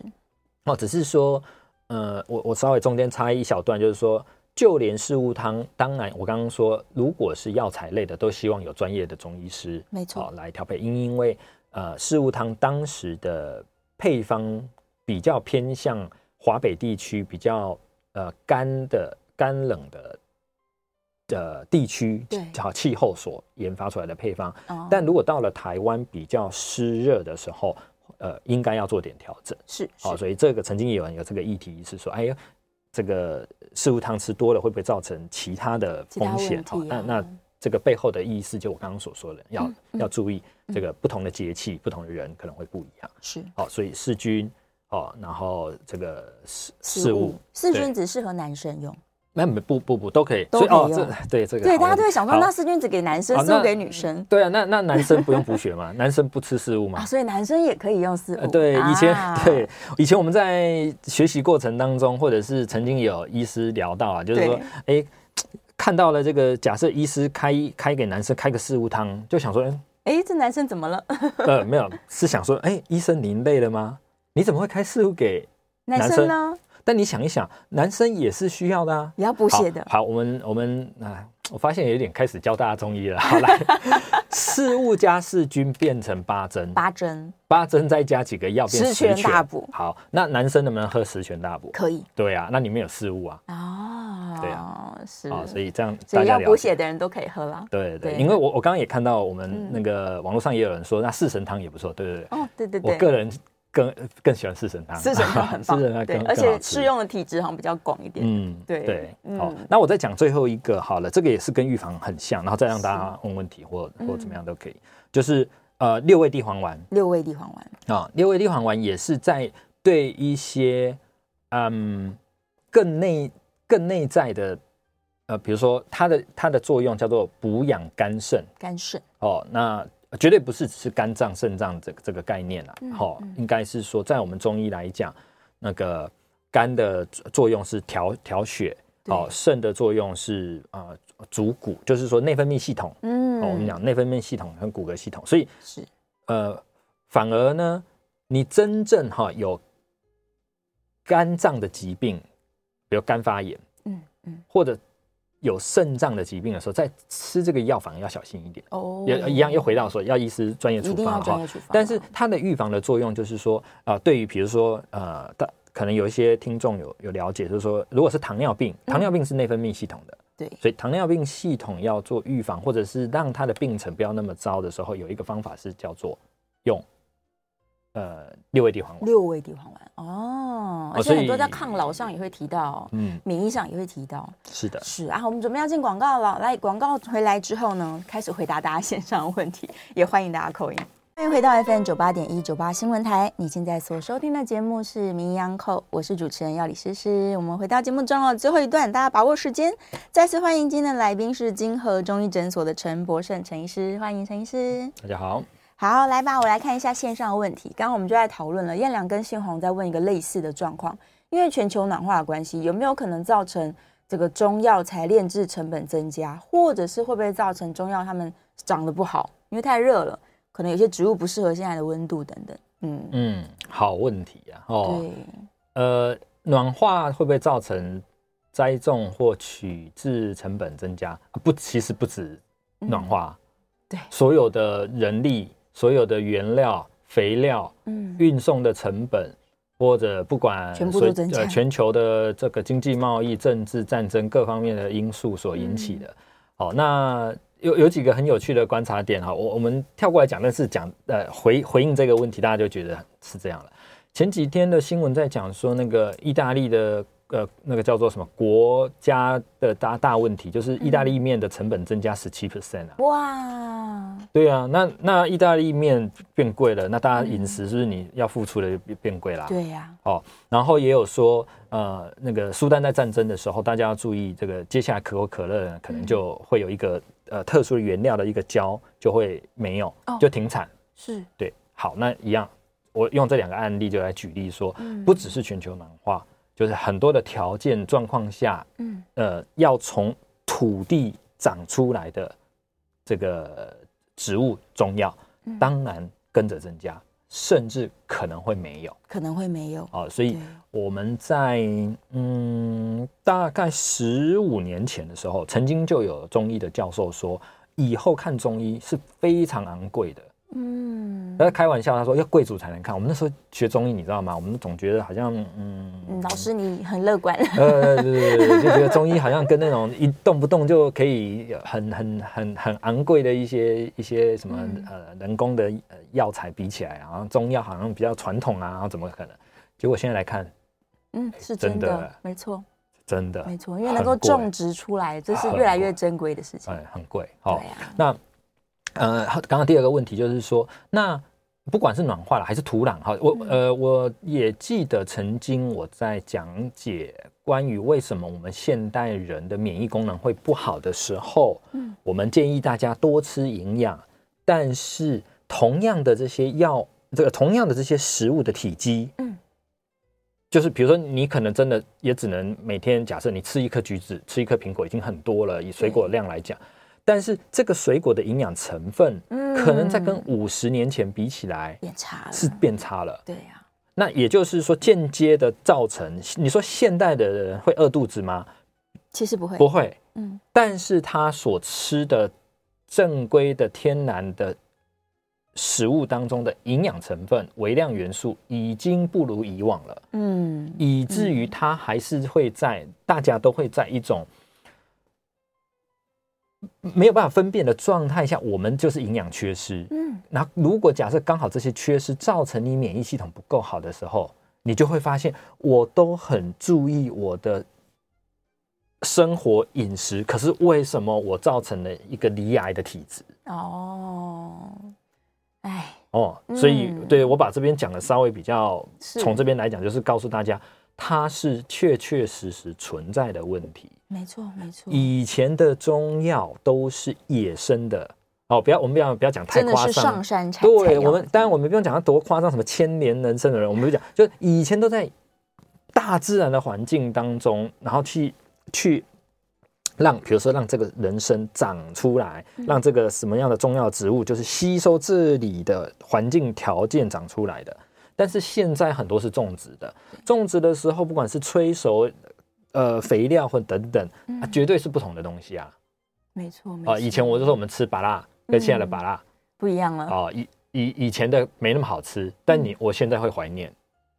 哦，只是說，呃，我我稍微中間插一小段，就是說，就連四物湯，當然我剛剛說，如果是藥材類的，都希望有專業的中醫師，沒錯，來調配，因因為呃，四物湯當時的配方比較偏向華北地區，比較呃乾的乾冷的。的、呃、地區，氣候所研發出來的配方，對但如果到了台灣比較濕熱的時候，呃，應該要做點調整。是。是，好、哦，所以這個曾經有人有這個議題是說，哎呀，這個四物湯吃多了會不會造成其他的風險？哈、啊，那、哦、那這個背後的意思，就我剛剛所說的，要、嗯嗯、要注意這個不同的節氣，嗯、不同的人可能會不一樣。是，好、哦，所以四君，哦，然後這個四四物，四君只適合男生用。那不不不都可以，所以哦，這對這個對大家都會想說，那四君子給男生，送給女生？對啊，那那男生不用補血嘛？男生不吃四物嘛？所以男生也可以用四物。對，以前對以前我們在學習過程當中，或者是曾經有醫師聊到啊，就是說，誒，看到了這個，假設醫師開開給男生開個四物湯，就想說，誒，誒，這男生怎麼了？呃，沒有，是想說，誒，醫生您累了嗎？你怎麼會開四物給男生呢？但你想一想，男生也是需要的啊，也要補血的。好，我們我們啊，我發現有點開始教大家中醫了。好來，四物加四君變成八珍，八珍，八珍再加幾個藥，變成十全大補。好，那男生能不能喝十全大補？可以。對啊，那裡面有四物啊。哦，對，是哦，所以這樣大家了解。要補血的人都可以喝了。對對，因為我我剛剛也看到我們那個網絡上也有人說，那四神湯也不錯，對不對？哦，對對對，我個人。更更喜歡四神湯，四神湯很棒，四神湯更，對而且適用的體質好像比較廣一點。嗯，對對，嗯、好。那我再講最後一個好了，這個也是跟預防很像，然後再讓大家問問題是或或怎麼樣都可以。就是呃六味地黃丸，六味地黃丸啊、哦，六味地黃丸，哦、六味地黃丸也是在對一些嗯更內更內在的呃，比如說它的它的作用叫做補養肝腎，肝腎順哦，那。絕對不是只是肝臟、腎臟這個這個概念啦、啊，好、嗯，嗯、應該是說在我們中醫來講，那個肝的作用是調調血，哦對，腎的作用是啊主、呃、骨，就是說內分泌系統，嗯、哦，我們講內分泌系統跟骨骼系統，所以是呃，反而呢，你真正哈、哦、有肝臟的疾病，比如肝發炎，嗯嗯，嗯或者。有腎臟的疾病的時候，在吃這個藥反而要小心一點哦，也一樣又回到說要醫師專業處方哈。但是它的預防的作用就是說，啊，對於比如說，呃，他可能有一些聽眾有有了解，就是說，如果是糖尿病，糖尿病是內分泌系統的，對，所以糖尿病系統要做預防，或者是讓他的病程不要那麼糟的時候，有一個方法是叫做用。呃，六味地黃丸。六味地黃丸哦，哦，所以而且很多在抗老上也會提到，嗯，免疫上也會提到。是的，是啊，我們準備要進廣告了。來，廣告回來之後呢，開始回答大家線上的問題，也歡迎大家扣音。歡迎回到 FM 九八點一九八新聞台，你現在所收聽的節目是《名醫 On Call》，我是主持人藥理詩詩。我們回到節目中了最後一段，大家把握時間，再次歡迎今天的來賓是京禾中醫診所的陳博聖陳醫師，歡迎陳醫師。大家好。好，來吧，我來看一下線上的問題。剛剛我們就在討論了，燕良、跟杏紅在問一個類似的狀況，因為全球暖化的關係，有沒有可能造成這個中藥材煉制成本增加，或者是會不會造成中藥他們長得不好，因為太熱了，可能有些植物不適合現在的溫度等等。嗯嗯，好問題呀、啊。哦，對，呃，暖化會不會造成栽種或取質成本增加、啊？不，其實不止暖化，嗯、對，所有的人力。所有的原料、肥料，嗯，運送的成本，或者不管，全部都增加。全球的這個經濟、貿易、政治、戰爭各方面的因素所引起的。好，那有有幾個很有趣的觀察點哈，我我們跳過來講，但是講呃回回應這個問題，大家就覺得是這樣了。前幾天的新聞在講說，那個意大利的。呃，那個叫做什麼國家的大大問題，就是意大利麵的成本增加十七 percent 啊！哇，對啊，那那意大利麵變貴了，那大家飲食是不是你要付出的就變貴啦，啊嗯？對呀，啊，哦，然後也有說，呃，那個蘇丹在戰爭的時候，大家要注意這個，接下來可口可樂可能就會有一個、嗯、呃特殊原料的一個膠就會沒有，哦，就停產。是，對，好，那一樣，我用這兩個案例就來舉例說，嗯，不只是全球暖化。就是很多的條件狀況下，嗯，呃，要從土地長出來的這個植物中藥，嗯，當然跟着增加，甚至可能會沒有，可能會沒有哦，所以我們在對嗯，大概十五年前的時候，曾經就有中醫的教授說，以後看中醫是非常昂貴的。嗯，他開玩笑，他說要貴族才能看。我們那時候學中醫，你知道嗎？我們總覺得好像，嗯，老師你很樂觀。呃，對對對，對，我就覺得中醫好像跟那種一動不動就可以很很很很昂貴的一些一些什麼呃人工的藥材比起來，好像中藥好像比較傳統啊，然後怎麼可能？結果現在來看，欸，嗯，是真的，沒錯，真的沒錯，因為能夠種植出來，這是越來越珍貴的事情。哎、啊，很貴，嗯，很貴哦、對呀、啊，那。呃，剛剛第二個問題就是說，那不管是暖化了還是土壤哈，我、嗯、呃我也記得曾經我在講解關於為什麼我們現代人的免疫功能會不好的時候，嗯，我們建議大家多吃營養，但是同樣的這些藥，這個同樣的這些食物的體積，嗯，就是比如說你可能真的也只能每天假設你吃一顆橘子，吃一顆蘋果已經很多了，以水果量來講。但是這個水果的營養成分，嗯，可能在跟五十年前比起來變差了，是變差了。對呀、啊，那也就是說間接的造成，你說現代的人會餓肚子嗎？其實不會，不會，嗯。但是他所吃的正規的天然的食物當中的營養成分、微量元素已經不如以往了，嗯，以至於他還是會在、嗯、大家都會在一種。沒有辦法分辨的狀態下，我們就是營養缺失。嗯，那如果假設剛好這些缺失造成你免疫系統不夠好的時候，你就會發現，我都很注意我的生活飲食，可是為什麼我造成了一個罹癌的體質？哦，哎，哦，所以、嗯、對，我把這邊講的稍微比較，從這邊來講，是就是告訴大家，它是確確實實存在的問題。沒錯，沒錯。以前的中藥都是野生的哦，不要我們不要不要講太誇張。上山對，我們當然我們不用講它多誇張，什麼千年人參的人，我們就講，就是以前都在大自然的環境當中，然後去去讓比如說讓這個人參長出來，嗯、讓這個什麼樣的中藥植物就是吸收這裡的環境條件長出來的。但是現在很多是種植的，種植的時候不管是催熟。呃，肥料或等等，啊，絕對是不同的東西啊。沒錯，沒錯。以前我就說我們吃芭樂跟現在的芭樂不一樣了。哦，以以以前的沒那麼好吃，但你我現在會懷念，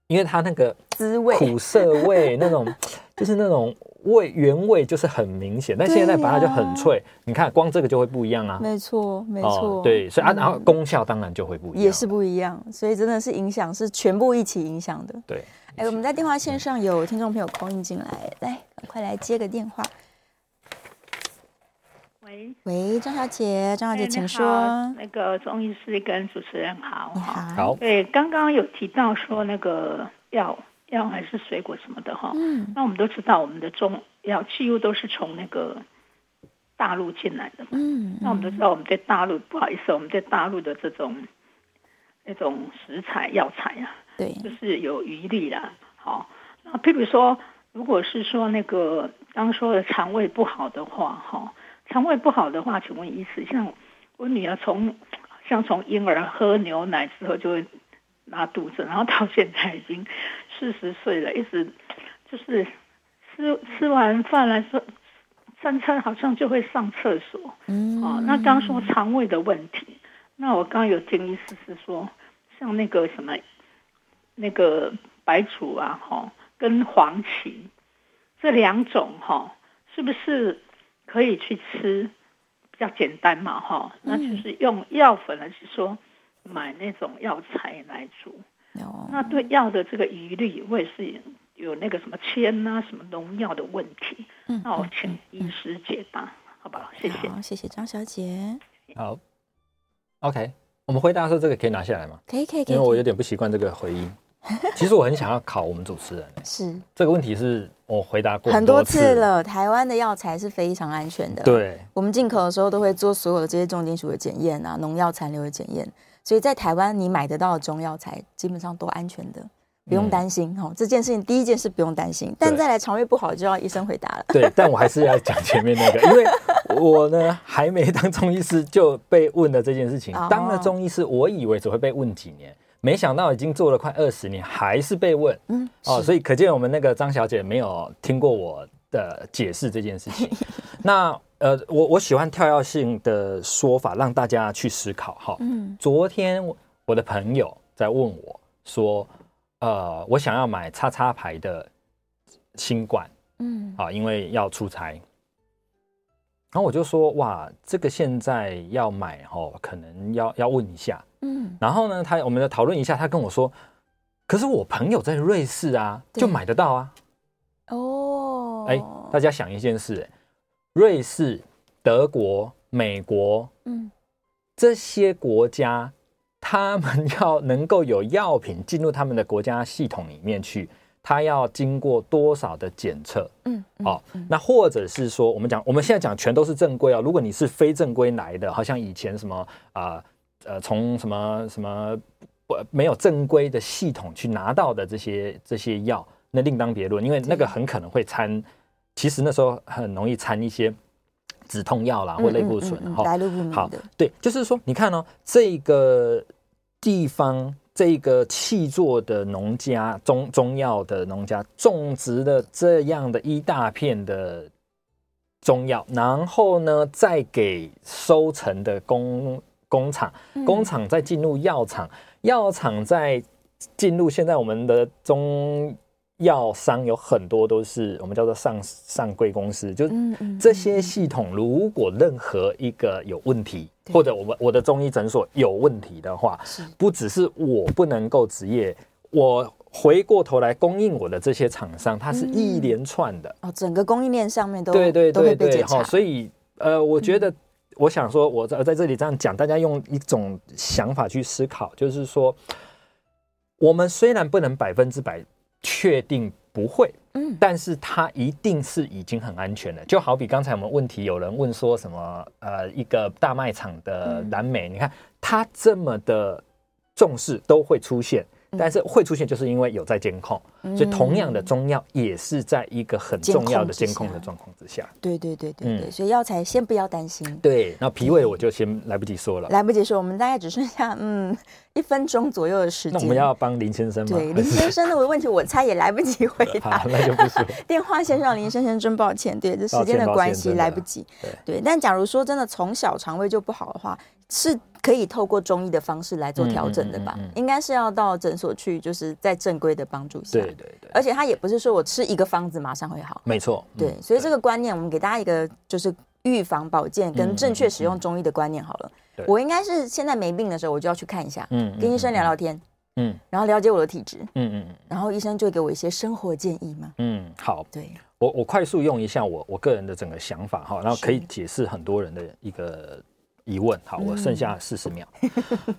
因為它那個滋味、苦澀味，那種就是那種味原味就是很明顯。但現在芭樂就很脆，你看光這個就會不一樣啊。沒錯，沒錯，對，所以啊，然後功效當然就會不一樣，也是不一樣。所以真的是影響是全部一起影響的。對。哎、欸，我們在電話線上有聽眾朋友 call in 進來，來，趕快來接個電話。喂，喂，張小姐，張小姐，請說。欸、那個中醫師跟主持人好。你好。好對，剛剛有提到說那個藥藥還是水果什麼的哈。嗯。那我們都知道，我們的中藥幾乎都是從那個大陸進來的嘛。嗯,嗯。那我們都知道，我們在大陸不好意思，我們在大陸的這種。那種食材藥材呀、啊，對，就是有餘力啦。好、哦，那譬如說，如果是說那個剛，剛說的腸胃不好的話，哈、哦，腸胃不好的話，請問醫師，像我女兒從像從嬰兒喝牛奶之後就會拉肚子，然後到現在已經四十歲了，一直就是吃吃完飯來說三餐好像就會上廁所。嗯，哦，那剛，剛說腸胃的問題。那我剛剛有聽醫師是說，像那個什麼，那個白朮啊，哈、哦，跟黃芪這兩種哈、哦，是不是可以去吃？比較簡單嘛，哈、哦，那就是用藥粉還是說買那種藥材來煮？哦、嗯。那對藥的這個疑慮，會是有那個什麼鉛啊，什麼農藥的問題？嗯嗯嗯、那我請醫師解答，嗯嗯、好不好？謝謝。好，謝謝張小姐。好。OK，我們回答說這個可以拿下來嗎？可以，可以，可以，可以，因為我有點不習慣這個回音。其實我很想要考我們主持人欸， 是，這個問題是我回答過很多次，很多次了。台灣的藥材是非常安全的，對，我們進口的時候都會做所有的這些重金屬的檢驗啊，農藥殘留的檢驗，所以在台灣你買得到的中藥材基本上都安全的。不用擔心哈，這件事情第一件事不用擔心，但再來腸胃不好，就要醫生回答了。對，但我還是要講前面那個，因為我呢還沒當中醫師就被問了這件事情。當了中醫師，我以為只會被問幾年，沒想到已經做了快二十年，還是被問。嗯，哦，所以可見我們那個張小姐沒有聽過我的解釋這件事情。那呃，我我喜歡跳躍性的說法，讓大家去思考哈。嗯，昨天我的朋友在問我說。呃，我想要買叉叉牌的新冠，嗯，啊，因為要出差，然後我就說，哇，這個現在要買哦，可能要要問一下，嗯，然後呢，他，我們就討論一下，他跟我說，可是我朋友在瑞士啊，對就買得到啊，哦，哎，大家想一件事，瑞士、德國、美國，嗯，這些國家。他們要能夠有藥品進入他們的國家系統裡面去，他要經過多少的檢測？嗯，好、嗯哦，那或者是說，我們講我們現在講全都是正規啊。如果你是非正規來的，好像以前什麼啊呃，呃，從什麼什麼不沒有正規的系統去拿到的這些這些藥，那另當別論，因為那個很可能會摻，對其實那時候很容易摻一些止痛藥啦、嗯、或類固醇哈。好，對，對，就是說你看哦，這個。地方這個氣作的農家中中藥的農家種植了這樣的一大片的中藥，然後呢，再給收成的工工廠，工廠再進入藥廠，藥廠、嗯、再進入。現在我們的中藥商有很多都是我們叫做上上櫃公司，就是這些系統，如果任何一個有問題。對或者我們我的中醫診所有問題的話，是不只是我不能夠執業，我回過頭來供應我的這些廠商，它是一連串的、嗯、哦，整個供應鏈上面都對對對對，對所以呃，我覺得我想說，我在這裡這樣講，嗯、大家用一種想法去思考，就是說，我們雖然不能百分之百確定。不會，嗯，但是它一定是已經很安全了。就好比剛才我們問題有人問說什麼，呃，一個大賣場的藍莓，你看它這麼的重視，都會出現，但是會出現就是因為有在監控。所以同樣的中藥也是在一個很重要的監控的狀況之、嗯、之下。對對對對對，嗯、所以藥材先不要擔心。對，那脾胃我就先來不及說了。嗯、來不及說，我們大概只剩下嗯一分鐘左右的時間。那我們要幫林先生嗎？對，林先生的問題我猜也來不及回答。 那就不 電話先生，林先生，真抱歉，對，這時間的關係來不及。對，但假如說真的從小腸胃就不好的話，是可以透過中醫的方式來做調整的吧？嗯嗯嗯嗯、應該是要到診所去，就是在正規的幫助下。對。對，對對，而且他也不是說我吃一個方子馬上會好，沒錯錯。對，嗯、所以這個觀念，我們給大家一個就是預防保健跟正確使用中醫的觀念好了。嗯嗯、我應該是現在沒病的時候，我就要去看一下，嗯，跟醫生聊聊天，嗯，然後了解我的體質、嗯，嗯嗯嗯，然後醫生就給我一些生活建議嘛，嗯，好，對，我我快速用一下我我個人的整個想法哈，然後可以解釋很多人的一個疑問。好，我剩下四十秒，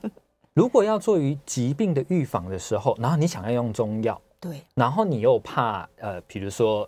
嗯、 如果要做於疾病的預防的時候，然後你想要用中藥。對，然後你又怕呃，比如說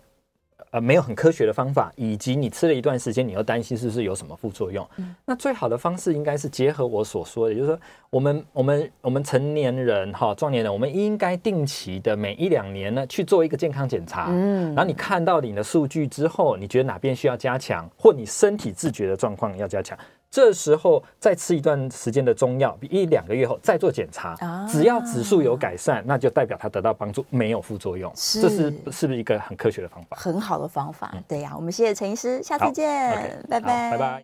呃，沒有很科學的方法，以及你吃了一段時間，你又擔心是不是有什麼副作用。嗯，那最好的方式應該是結合我所說的，就是說我們我們我們成年人哈，哦，壯年人，我們應該定期的每一兩年呢去做一個健康檢查。嗯，然後你看到你的數據之後，你覺得哪邊需要加強，或你身體自覺的狀況要加強。這時候再吃一段時間的中藥，一兩個月後再做檢查，啊、只要指數有改善，啊、那就代表它得到幫助，沒有副作用。是，這是是不是一個很科學的方法？很好的方法。嗯、對呀、啊，我們謝謝陳醫師，下次見，okay, 拜拜，拜拜。Bye bye